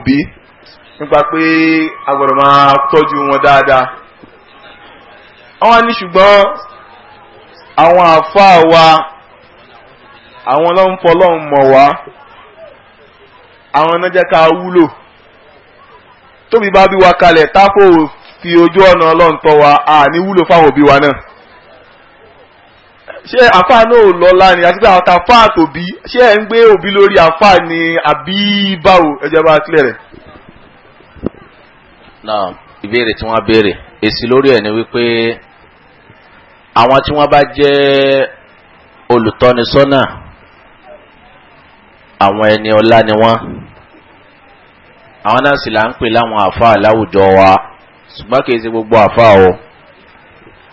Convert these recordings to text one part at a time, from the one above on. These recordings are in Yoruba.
òbí nípa pé a gbọ́dọ̀ máa tọ́jú wọn dáadáa wọ́n ní ṣùgbọ́n àwọn àfáà wa àwọn ọlọ́nfọlọ́n mọ̀ wá àwọn náà jẹ́ ká wúlò tóbi bá bí wa kalẹ̀ tápò fi ojú ọ̀nà ọlọ́ntọ́ wa àní wúlò fáwọn òbí wa náà. ṣé àfáà náà ò lọ́la ni àti pé àwọn àfáà tòbí ṣé ń gbé òbí lórí àfáà ni àbí báwo ẹjọ́ bá clear rẹ̀. náà ìbéèrè tí wọ́n béèrè èsì lórí ẹ̀ ni wípé àwọn tí wọ́n bá jẹ́ olùtọ́nisọ́nà àwọn ẹni ọlá ni wọ́n àwọn náà sì là ń pè láwọn wa ṣùgbọ́n kì gbogbo àfáà o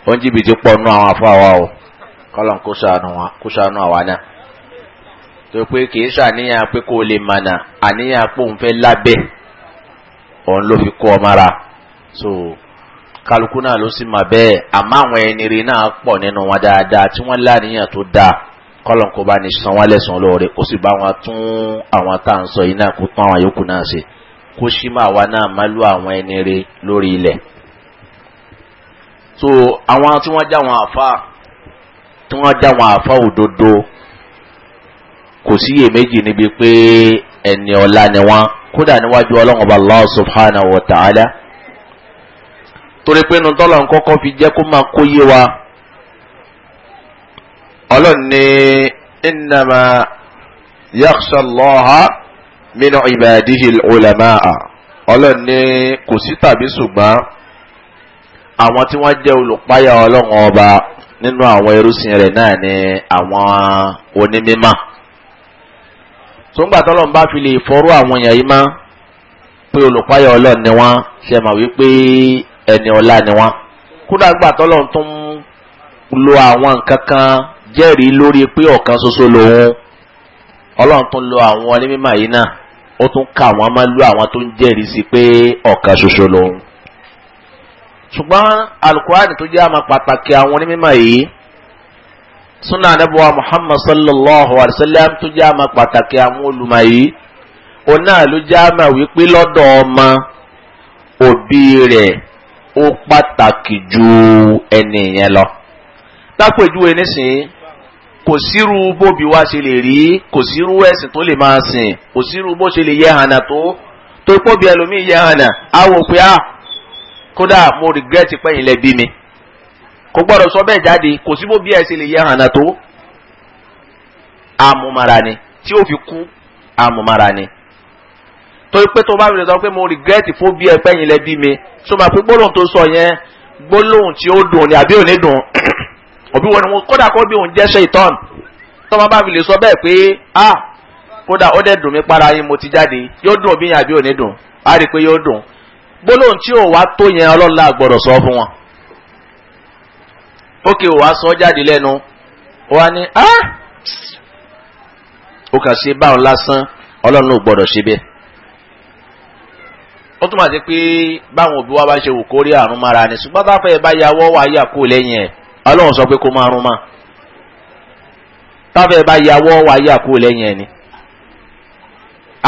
pọ̀ àwọn àfáà o. kọ́lọ̀n kó ṣàánú àwa náà tó pé kìí ṣàníyàn pé kó o lè mànà àníyàn pé òun fẹ́ lábẹ́ òun ló fi kọ́ ọ mára so kálukú náà ló sì mà bẹ́ẹ̀ àmọ́ àwọn ẹni rí náà pọ̀ nínú wọn dáadáa tí wọ́n láníyàn tó dáa kọ́lọ̀n kó bá ní san wọ́n lẹ́sàn-án lóore ó sì bá wọn tún àwọn tá à ń sọ yìí náà kó tún àwọn yòókù náà ṣe kó ṣí máa wá náà má lú àwọn ẹni lórí ilẹ̀ so àwọn tí wọ́n já wọn àfáà tí wọ́n já wọn àfa òdodo kò síyèméjì níbi pé ẹni ọ̀la ni wọ́n kódà níwájú ọlọ́run ọba allah subhanahu wa ta'ala torí pé nu tọ́lọ̀ nkọ́kọ́ fi jẹ́ kó máa kó yé wa ọlọ́run ní innama yakhsha allaha min ibadihi ulama'a ọlọ́run ní kò sí tàbí ṣùgbọ́n àwọn tí wọ́n jẹ́ olùpáyà ọlọ́run ọba nínú àwọn ẹrúsìn rẹ̀ náà ni àwọn onímímọ́ tóńgbà tọ́lọ́run bá fi lè fọ́rọ́ àwọn èèyàn yìí mọ́ pé olùpáyọ̀ ọlọ́run ni wọ́n ṣe mọ̀ wípé ẹni ọlá ni wọ́n kódà gbà tọ́lọ́run tó ń lo àwọn nǹkan kan jẹ́rìí lórí pé ọ̀kan ṣoṣo lòun ọlọ́run tó ń lo àwọn onímímọ́ yìí náà ó tún kà wọ́n máa lo àwọn tó ń jẹ́rìí sí pé ọ̀kan ṣoṣo lòun ṣùgbọ́n alukur'ani tó jẹ́ àmà pàtàkì àwọn onímọ̀ yìí sunna anabuwa muhammad sallallahu alaihi wa sallam tó jẹ́ àmà pàtàkì àwọn olùmọ̀ yìí òun náà ló jẹ́ àmà wípé lọ́dọ̀ ọmọ òbí rẹ̀ ó pàtàkì ju ẹni yẹn lọ. lápèjúwe nísìnyí kò sírú bóbi wá ṣe lè rí kò sírú ẹ̀sìn tó lè máa sìn kò sírú bó ṣe lè yẹ hànà tó tó pọ̀ bí ẹlòmíì yẹ hànà á wò á kódà mo regret pé yín lẹ bí mi kò gbọ́dọ̀ sọ bẹ́ẹ̀ jáde kò sí bó bí ẹ ṣe lè yẹ hànà tó amúmara ni tí ó fi kú amúmara ni torí pé tó bá rẹ̀ sọ pé mo regret fún bí ẹ pé yín lẹ bí mi tó máa fi gbólóhùn tó sọ yẹn gbólóhùn tí ó dùn ni àbí ò ní dùn òbí wọn ni wọn kódà kó bí òun jẹ́ ṣe ìtọ́n tó máa bá fi lè sọ bẹ́ẹ̀ pé ah kódà ó dẹ̀ dùn mí para yín mo ti jáde yóò dùn òbí yẹn àbí ò ní dùn á rí i pé yóò dùn gbólóhùn tí ò wá tó yẹn ọlọ́la gbọ́dọ̀ sọ fún wọn. ó kì í wá sọ jáde lẹ́nu wá ní á ó kà ṣe báwọn lásán ọlọ́run ò gbọ́dọ̀ ṣe bẹ́ẹ̀. ó túmọ̀ sí pé báwọn òbí wa bá ṣe wù kórí àrùn mára ni ṣùgbọ́n bá fẹ́ bá yàwọ́ wà yà kó lẹ́yìn ẹ̀ ọlọ́run sọ pé kó máa rún mọ́ táfẹ́ bá yàwọ́ wà yà kó lẹ́yìn ẹ̀ ni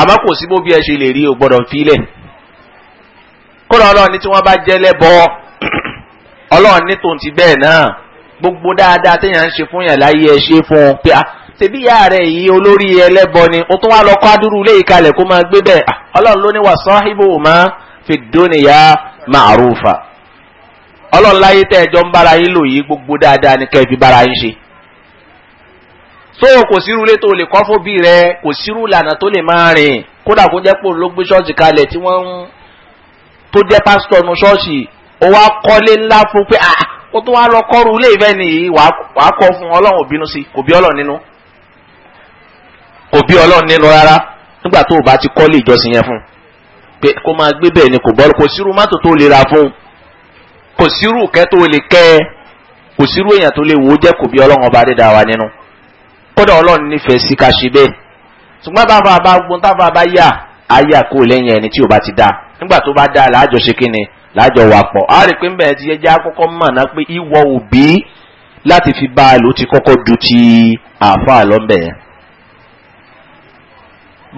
àmọ́ kò sí bó bí ẹ ṣe lè rí o gbọ́dọ̀ fi lẹ̀ kódà ọlọ́run ní tí wọ́n bá jẹ́ lẹ́bọ ọlọ́run ní tòun ti bẹ́ẹ̀ náà gbogbo dáadáa téèyàn ń ṣe fún yàn láyé ẹ ṣe fún un pé ah, ṣèbí ìyá rẹ yìí olórí ẹlẹ́bọ ni o tún wá lọ kọ́ adúrú gbé bẹ́ẹ̀ ah, ọlọ́run ló ní wà fi láyé tẹ́ ẹjọ́ ń lò yìí gbogbo dáadáa ni ṣe so kò sírú ilé tó lè tó jẹ́ pásítọ̀ nu ṣọ́ọ̀ṣì ó wá kọ́lé ńlá fún pé ah kó tó wá lọ kọ́rù ilé ìfẹ́ nìyí wàá kọ́ fún ọlọ́run òbínú sí kò bí ọlọ́run nínú kò bí ọlọ́run nínú rárá nígbà tó o bá ti kọ́lé ìjọsìn yẹn fún pé kó máa gbé bẹ́ẹ̀ ni kò bọ́ kò sírú mọ́tò tó lè ra fún kò sírú kẹ́ tó lè kẹ́ ẹ kò sírú èèyàn tó lè wò ó jẹ́ kò bí ọlọ́run ọba dídá wa nínú kódà ọlọ́run nífẹ̀ẹ́ sí ká ṣe bẹ́ẹ̀ ṣùgbọ́n bá bá gbọ́n tá bá yà á yà kó lẹ́yìn ẹni tí o bá ti dáa nígbà tó bá dáa làájọṣe kí ni làájọ wà pọ̀ á rí i pé ń bẹ̀rẹ̀ ti yẹ jẹ́ àkọ́kọ́ mọ̀ ná pé ìwọ òbí láti fi bá a lò ti kọ́kọ́ du ti àáfàá lọ́nbẹ̀ yẹn.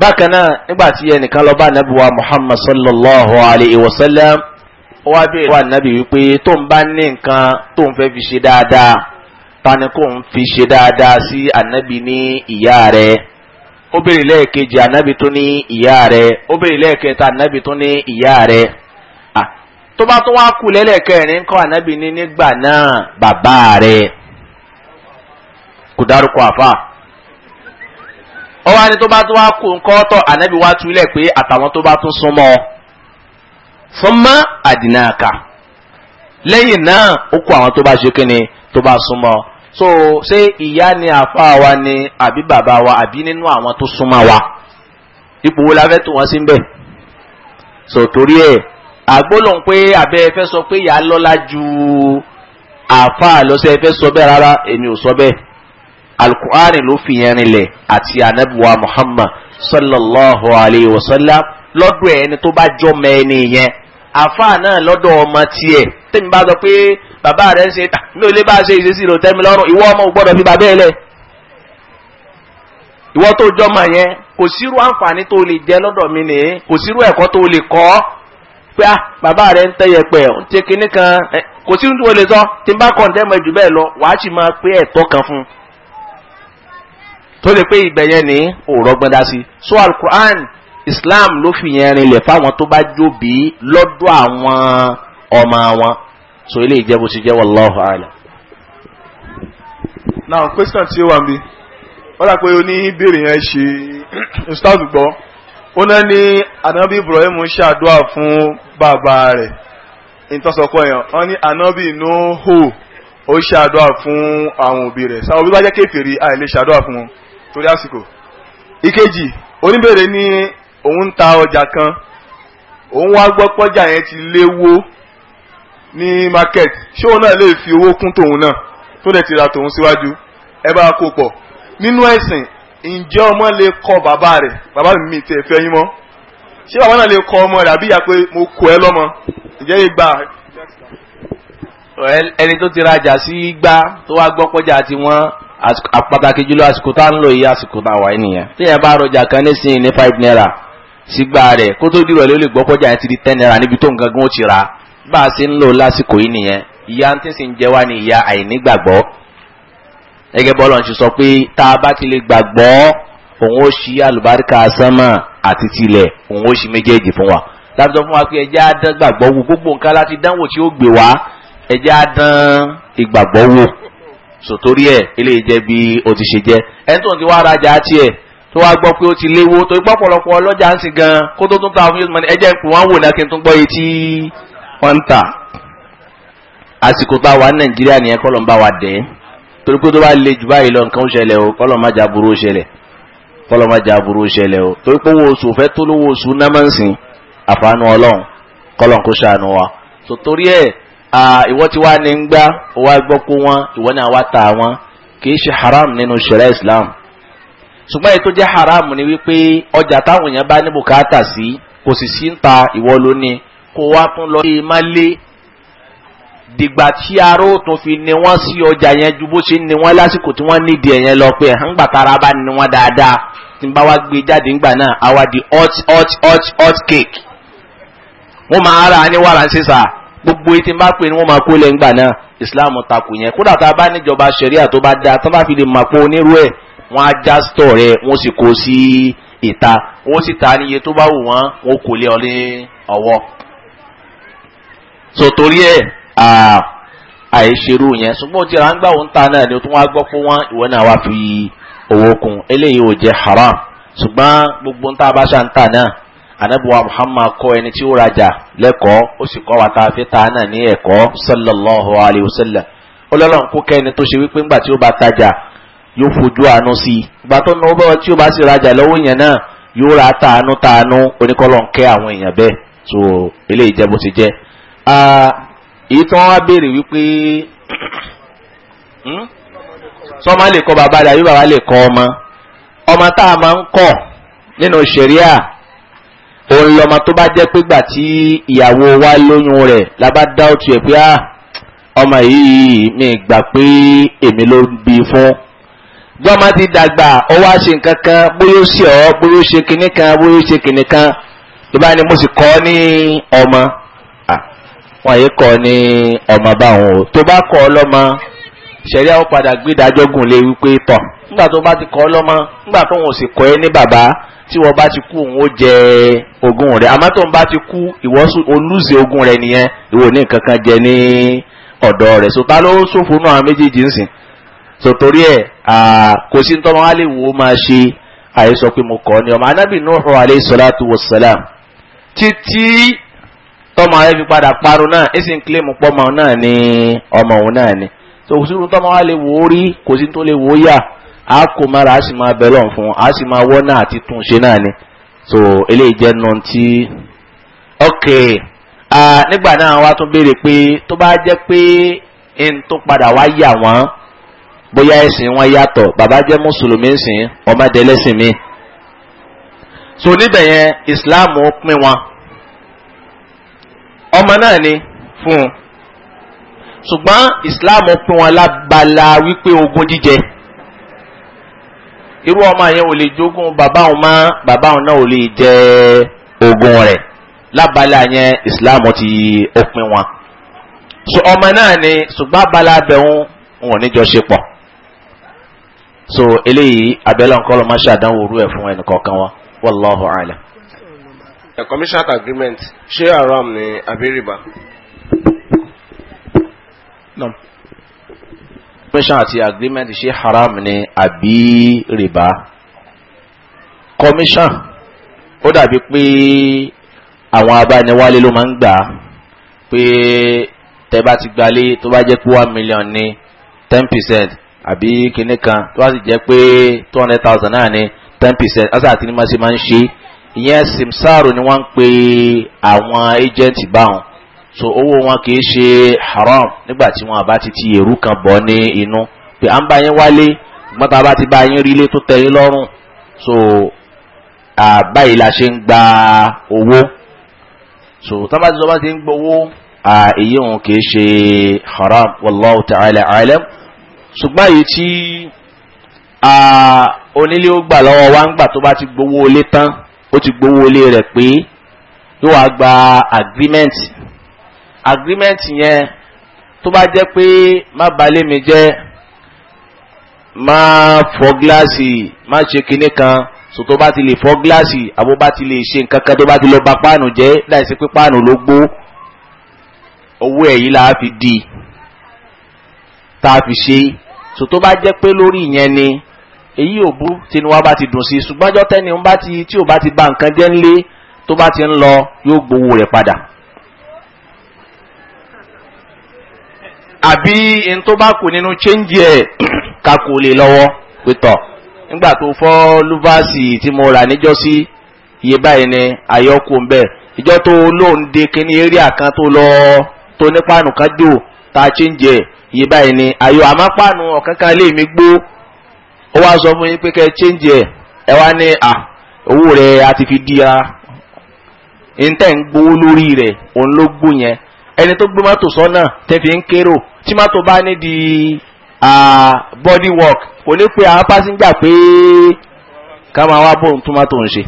bákan náà nígbà tí ẹnìkan lọ bá nàbí wa muhammad sallallahu alayhi wa sallam ó wá béèrè wà nàbí wípé tó ń bá ní nǹkan tó ń fẹ́ fi ṣe dáadáa tani kò ń fi ṣe dáadáa sí ànábì ní ìyá rẹ̀ ó béèrè lẹ́ẹ̀kejì ànábì tó ní ìyá rẹ̀ ó béèrè lẹ́ẹ̀kẹta anabi tó ní ìyá rẹ̀ tó bá tó wá kú lẹ́lẹ́kẹrin kọ́ anabi ní nígbà náà bàbá rẹ̀ kò dárúkọ àfà ó ni tó bá tó wá kú nǹkan tọ̀ ànábì wá túlẹ̀ pé àtàwọn tó bá tún súnmọ́ súnmọ́ àdínáàkà lẹ́yìn náà ó kú àwọn tó bá ṣe kíni tó bá súnmọ́ so ṣé ìyá ni àfa wa ni àbí bàbá wa àbí nínú àwọn tó súnmọ́ wa ipò wo la fẹ́ tó wọ́n sí bẹ́ẹ̀ so torí ẹ̀ àgbólóhùn pé abẹ́ ẹ fẹ́ sọ pé ìyá lọ́lá ju àfa lọ́sẹ̀ ẹ fẹ́ sọ bẹ́ẹ̀ rárá èmi ò sọ bẹ́ẹ̀ alukur'ani ló fi yẹn rinlẹ̀ àti anabuwa muhammad sallallahu alayhi wa sallam lọ́dọ̀ ẹni tó bá jọ́ mẹ́ni yẹn àfa náà lọ́dọ̀ ọmọ tiẹ̀ tẹ́mi bá sọ pé bàbá rẹ̀ ń ṣe mi ò lè bá ṣe ìṣesí rò tẹ́mi lọ́rùn ìwọ ọmọ ò gbọ́dọ̀ fi bàbá ẹ lẹ̀ ìwọ tó jọmọ yẹn kò sírú àǹfààní tó lè jẹ lọ́dọ̀ mi nìyẹn kò sírú ẹ̀kọ́ tó lè kọ́ pé ah bàbá rẹ̀ ń tẹ̀yẹ̀pẹ̀ ń tẹ kinní kan kò sírú tí lè sọ tí n bá kọ̀ ń tẹ́ mọ jù bẹ́ẹ̀ lọ wàá sì máa pé ẹ̀tọ́ kan fún un tó lè pé ibẹ̀ yẹn ní òòrọ̀ gbọ́dá sí so alukur'an islam ló fi yẹn rinlẹ̀ fáwọn tó bá jóbi lọ́dọ̀ àwọn ọmọ wọn so ilé ìjẹ́bù ti jẹ́ wallahu a'lam. now question tí ó wà mí wọ́n dà pé o ní ìbéèrè yẹn ṣe ustaz gbọ́ ó náà ní anabi ibrahim ṣàdúrà fún bàbá rẹ̀ ìtọ́sọ̀kọ yẹn wọ́n ní anabi nuhu ó ṣàdúrà fún àwọn òbí rẹ̀ sáwọn òbí bá jẹ́ kéferì àìlè ṣàdúrà fún wọn torí àsìkò. ìkejì oníbèrè ní òun ń ta ọjà kan òun wá gbọ́ pọ́jà yẹn ti léwó ní market ṣé òun náà lè fi owó kún tòun náà tó lè ti ra tòun síwájú ẹ bá kó pọ̀ nínú ẹ̀sìn ǹjẹ́ ọmọ lè kọ bàbá rẹ̀ bàbá mi tẹ̀ fẹ́ yín mọ́ ṣé bàbá náà lè kọ ọmọ rẹ̀ àbí ìyá pé mo kọ ẹ lọ́mọ ǹjẹ́ yìí gbà. ẹni tó ti rajà sí gbá tó wá gbọ́ pọ́jà tí wọ́n pàtàkì jùlọ àsìkò tá à ń lò yìí àsìkò tá a wà nìyẹn tí bá rọjà kan nísìnyí ní five naira sígbà rẹ̀ kó tó dìrọ̀ lé ó lè gbọ́ pọ́jà yẹn ti di ten naira níbi tó nǹkan gan ó ti ra bá a ṣe ń lò lásìkò yìí nìyẹn ìyà tí ń sì ń jẹ wá ní ìyà àìnígbàgbọ́ gẹ́gẹ́ bọ́lá ń ṣe sọ pé tá a bá ti lè gbàgbọ́ òun ó ṣí àlùbáríkà sánmà àti tilẹ̀ òun ó ṣí méjèèjì fún wa láti sọ fún wa pé ẹjẹ́ á dán gbàgbọ́ wò gbogbo nǹkan láti dánwò tí ó gbé wá ẹjẹ́ á dán ìgbàgbọ́ wò sòtórí ẹ̀ eléyìí jẹ́ bí o ti ṣe jẹ́ ẹni tó ti wá rajà tiẹ̀ tó wá gbọ́ pé ó ti léwó tó ipá ọ̀pọ̀lọpọ̀ ọlọ́jà ń sìn gan kó tó tún ta fún yóò mọ ẹjẹ́ ń pè wò náà kí n tún wọ́n ń tà àsìkò tá a wà ní nàìjíríà nìyẹn kọ́ ló ń bá wa dẹ́ torí pé tó bá le jù báyìí lọ nǹkan ó ṣẹlẹ̀ o kọ́ ló má jà burú ó ṣẹlẹ̀ kọ́ ló má jà burú ó ṣẹlẹ̀ o torí pé owó oṣù fẹ́ tó lówó oṣù náà máa ń sìn àfààní ọlọ́run kọ́ ló ń kó ṣàánú wa so torí ẹ̀ ìwọ ti wá ní gbá wá gbọ́ kó wọn ìwọ náà wá tà wọn kì í ṣe haram nínú ṣẹlẹ̀ Islam ṣùgbọ́n èyí tó jẹ́ haram ni wípé ọjà táwọn èèyàn bá ní bùkátà sí kò sì sí ń ta ìwọ lónìí kó wá tún lọ lé má lé dìgbà tí aró tún fi ni wọ́n sí ọjà yẹn ju bó ṣe ni wọ́n lásìkò tí wọ́n nídìí ẹ̀yẹn lọ pé ẹ̀hán gbà bá ni wọ́n dáadáa tí n bá wá gbé jáde ńgbà náà àwa di hot hot hot hot cake wọ́n máa ra ní wàrà sísà gbogbo etí bá pè ní wọ́n máa kó lẹ́ ńgbà náà Islam takò yẹn kódà tá a bá níjọba sẹ̀ríà tó bá dáa tó bá fi lè mà pé onírú ẹ̀ wọ́n á já stọ̀ rẹ̀ wọ́n sì kó sí ìta wọ́n sì ta níye tó bá wù wọ́n wọ́n kò lé ọ ní ọwọ́ so torí ẹ̀ àìṣerú yẹn ṣùgbọ́n tí rangba òun ta náà ni o tún wá gbọ́ fún wọn ìwọ náà wá fi owó kún eléyìí ò jẹ́ haram ṣùgbọ́n gbogbo ń tá a bá ṣá ń tà náà anabiwa muhammad kọ́ ẹni tí ó rajà lẹ́kọ̀ọ́ ó sì kọ́ wa tá fi ta náà ní ẹ̀kọ́ sallallahu alayhi wa sallam ọlọ́run kó kẹ́ni tó ṣe wípé ńgbà tí ó bá tajà yóò fojú àánú sí i ìgbà tó náwó bá tí ó bá sì rajà lọ́wọ́ yẹn náà yóò ra tàánú tàánú oníkọ́lọ́ ń kẹ́ àwọn èèyàn bẹ́ẹ̀ so eléyìí jẹ́ bó ti jẹ́ èyí tí wọ́n wá béèrè wípé sọ́mọ hmm? lè kọ́ bàbá rẹ̀ àbí bàbá lè kọ́ ọmọ ọmọ tá a máa ń kọ́ nínú sẹ̀ríà òun lọmọ tó bá jẹ́ pé gbà tí ìyàwó wa lóyún rẹ̀ la bá dá òtún ẹ̀ pé ah, ọmọ yìí mi gbà pé èmi ló ń bí fún gbọ́mọ ti dàgbà ó wá ṣe nǹkan kan bóyá ó ṣe ọ́ bóyá ó ṣe kinní kan bóyá ó ṣe kinní kan ìbá ni mo sì kọ́ ní ọmọ. wọn kọ ní ọmọ bá wọn o tó bá kọ ọlọ́mọ ma àwọn padà gbé dájọ́gùn lé wípé tọ̀ nígbà tó bá ti kọ ọlọ́mọ nígbà tó wọn ò sì kọ ẹ ní bàbá tí wọ́n bá ti kú òun ó jẹ ogun rẹ àmọ́ tó ń bá ti kú olùsè nìyẹn ìwọ jẹ ní so ló ṣòfò náà méjèèjì ń so kò sí ní lè máa ṣe pé ni ọmọ anábì títí tọmọ rẹ fi padà parun náà èsì ń kílèmù pọmọ náà ni ọmọ òun náà ni tó kò sínú tọmọ wa lè wò ó rí kò sí tó lè wò ó yà á kò mára á sì máa bẹ̀ lọ́n fún un á sì máa wọ́ náà àti tún un ṣe náà ni so eléyìí jẹ́ nà tí. ok nígbà náà wá tún béèrè pé tó bá jẹ́ pé n tó padà wá yà wọ́n bóyá ẹ̀sìn wọn yàtọ̀ bàbá jẹ́ mùsùlùmí sìn ọmọdé lẹ́sìn mi so níbẹ̀ yẹn ìsìláàmù pín wọn ọmọ náà ni fún un ṣùgbọ́n islam pín wọn lábala wípé ogún jíjẹ irú ọmọ yẹn ò lè jogún bàbá òun mọ́ bàbá òun náà ò lè jẹ ogún rẹ̀ lábala yẹn islam ti òpin wọn so ọmọ náà ni ṣùgbọ́n abala abẹ́hùn wọn ò ní jọ ṣe pọ̀ so eléyìí abẹ́lẹ́ nǹkan ló máa ṣàdánwò orú ẹ̀ fún ẹnì kọ̀ọ̀kan wọn wallahu a'lam. The commercial agreement ṣé haram ni Abiriba. No. Commission àti agreement ṣé haram ni àbí rìbá. Commission. ó dàbí pé àwọn abániwálé ló máa ń gbà pé tẹ bá ti gbalé tó bá jẹ́ pé one million ni ten percent àbí kinní kan tó bá sì jẹ́ pé two hundred thousand náà ni ten percent ọ̀sán àti ní máa ṣe máa ń ṣe é ìyẹn simsaaro ni wọ́n ń pe àwọn agenti báwọn so owó wọn kì í ṣe haram nígbà tí wọ́n bá ti ti èrú kan bọ̀ ní inú pé à ń bá yín wálé ìgbọ́n tá a bá ti bá yín rí ilé tó tẹ́ yín lọ́rùn so báyìí la ṣe ń gba owó so tá a bá ti sọ bá ti ń gbowó èyí òun kì í ṣe haram wallahu ta'ala alam ṣùgbọ́n èyí tí onílé ó gbà lọ́wọ́ wa ń gbà tó bá ti gbowó ilé tán ó ti gbowó ilé rẹ̀ pé yóò wá gba agreement agreement yẹn tó bá jẹ́ pé má balẹ̀ mi jẹ́ má fọ́ gíláàsì má ṣe kinní kan so tó bá ti lè fọ́ gíláàsì àbó bá ti lè ṣe nǹkan kan tó bá ti lọ ba páànù jẹ́ láìsí pé páànù ló gbó owó ẹ̀ là á fi di tá a fi ṣe so tó bá jẹ́ pé lórí ìyẹn ni èyí ò bú tinú wa bá ti dùn sí i ṣùgbọ́n ọjọ́ tẹ́ni ń bá ti tí ò bá ti ba nǹkan jẹ́ ńlé tó bá ti ń lọ yóò gbowó rẹ̀ padà. àbí n tó bá kù nínú chéńjì ẹ̀ kakò lè lọ́wọ́ pétọ̀ nígbà tó fọ́ lúfàsì tí mo rà níjọ́sí iye báyìí ni àyọkù ń bẹ̀ ìjọ tó lóun de kíní eréà kan tó lọ tó ní páànù kan ta chéńjì ẹ̀ iye báyìí ni àyọ àmọ́ páànù ọ̀kankan lè mi gbó ó wá sọ fún yín pé kẹ́ ẹ change ẹ̀ ẹ wá ní à owó rẹ̀ a ti fi di ara ntẹ̀ ń gbowó lórí rẹ̀ òun ló gbó yẹn ẹni tó gbé mọ́tò sọ́nà tẹ́ fi ń kérò tí mọ́tò bá ní di body work kò ní pe àwọn pásíńjà pé ká máa wá bóun tó mọ́tò ń ṣe.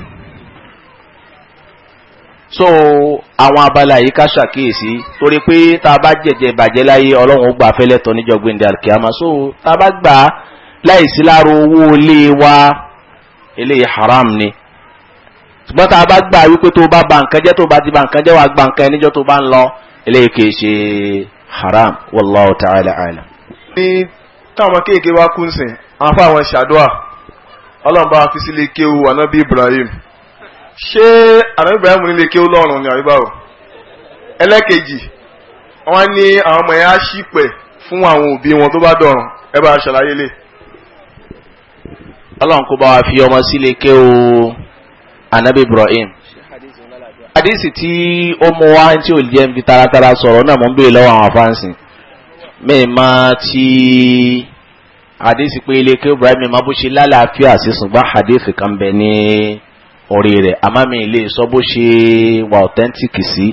so àwọn abala yìí ká ṣàkíyèsí torí pé tá a bá jẹ̀jẹ̀ bàjẹ́ láyé ọlọ́run ó gbà fẹ́lẹ́ tọ́ níjọ́ gbẹ̀ndẹ̀ àkíyàmá so tá a bá gbà á láìsí lára owó ilé wa eléyìí haram ni ṣùgbọ́n tá a bá gbà wípé tó bá ba nǹkan jẹ́ tó bá ti ba nǹkan jẹ́ wàá gba nǹkan ẹníjọ́ tó bá ń lọ eléyìí kì í ṣe haram wallahu ta'ala alam. ní táwọn kéèké wá kú nsìn àwọn fún àwọn ṣàdúà ọlọ́run bá fi sílé kéwu ànábì ibrahim ṣé ànábì ibrahim nílé kéwu lọ́rùn ni àbí ẹlẹ́kejì wọ́n ní àwọn ọmọ yẹn á ṣìpẹ̀ fún àwọn òbí wọn tó bá dọ̀rùn ẹ bá ṣàlàyé lè ọlọ́run kó bá wa fi ọmọ sílé ké o anabi ibrahim hadisi tí ó mú wá tí ò jẹ́ nbí taratara sọ̀rọ̀ náà mò ń béèrè lọ́wọ́ àwọn afáǹsì mẹ́ẹ̀má tí hadisi pé ilé ké ibrahim má bó ṣe lálàáfíà sí ṣùgbọ́n hadisi kan bẹ ní orí rẹ̀ àmọ́ mi lè sọ bó ṣe wà authentic sí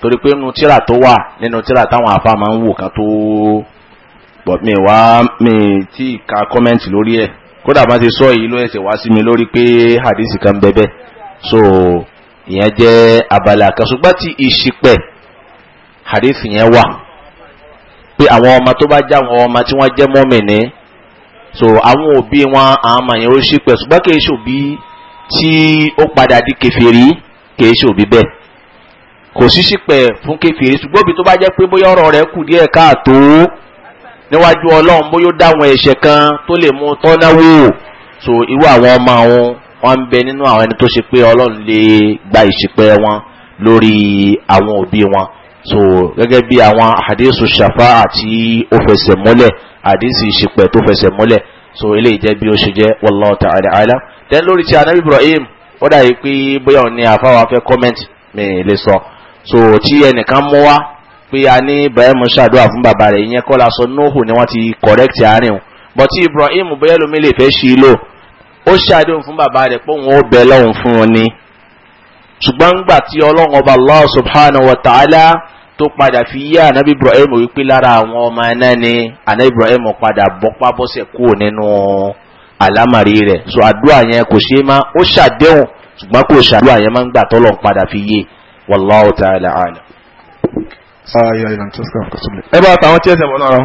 torí pé nínú tíra tó wà nínú tíra táwọn afá máa ń wò kan tó bọ̀ mi wá mi tí ka kọ́mẹ́ǹtì lórí ẹ̀ kódà bá ti sọ yìí ló ẹsẹ̀ wá sí mi lórí pé hadisi kan bẹ́bẹ́ so ìyẹn jẹ́ abala kan ṣùgbọ́n ti ìṣìpẹ̀ hadisi yẹn wà pé àwọn ọmọ tó bá já àwọn ọmọ tí wọ́n jẹ́ mọ́mìnì so àwọn òbí wọn àwọn ọmọ yẹn ó ṣìpẹ̀ ṣùgbọ́n kì í ṣòbí tí ó padà di kẹfìrí kì í ṣòbí bẹ́ẹ̀ kò sí ṣìpẹ̀ fún kẹfìrí ṣùgbọ́n òbí tó bá jẹ́ pé bóyá ọ̀rọ̀ rẹ̀ kù díẹ̀ káàtó níwájú ọlọ́run bóyá ó dá àwọn ẹ̀ṣẹ̀ kan tó lè mú tọ́ná so irú àwọn ọmọ àwọn wọn ń bẹ nínú àwọn ẹni tó ṣe pé ọlọ́run lè gba ìṣìpẹ̀ wọn lórí àwọn òbí wọn so gẹ́gẹ́ bí àwọn àdéhùn ṣàfà àti ó fẹsẹ̀ múlẹ̀ àdéhùn ìṣìpẹ̀ tó fẹsẹ̀ múlẹ̀ so eléyìí jẹ́ bí ó ṣe jẹ́ wallahu ta'ala then lórí ti anabi ibrahim ó dà pé bóyá òun ni àfáwà fẹ́ comment mi lè sọ so tí ẹnìkan mú wá pé a ní ibrahim ṣàdúrà fún bàbá rẹ̀ ìyẹn kọ́ la nóhù ni wọ́n ti correct àárín o but tí ibrahim bóyá lómi lè fẹ́ ṣí i lò ó ṣàdéhùn fún bàbá rẹ̀ pé òun ó bẹ lọ́hùn fún un ni ṣùgbọ́n gbà tí ọlọ́run ọba allah subhanahu wa ta'ala tó padà fi yé anabi ibrahim wípé lára àwọn ọmọ ẹ̀nà ni ànábì ibrahim padà bọ́pá bọ́sẹ̀ kúrò nínú àlámàrí rẹ̀ so àdúrà yẹn kò ṣe é má ó ṣàdéhùn ṣùgbọ́n kò ṣàdúrà yẹn má ń gbà tọ́lọ́run padà fi yé wallahu ta'ala alam. ayọ̀ ìlànà tó sọ̀rọ̀ kọ́sùn mi. ẹ bá àtàwọn tí ẹ sẹ̀ wọ́n náà rọ.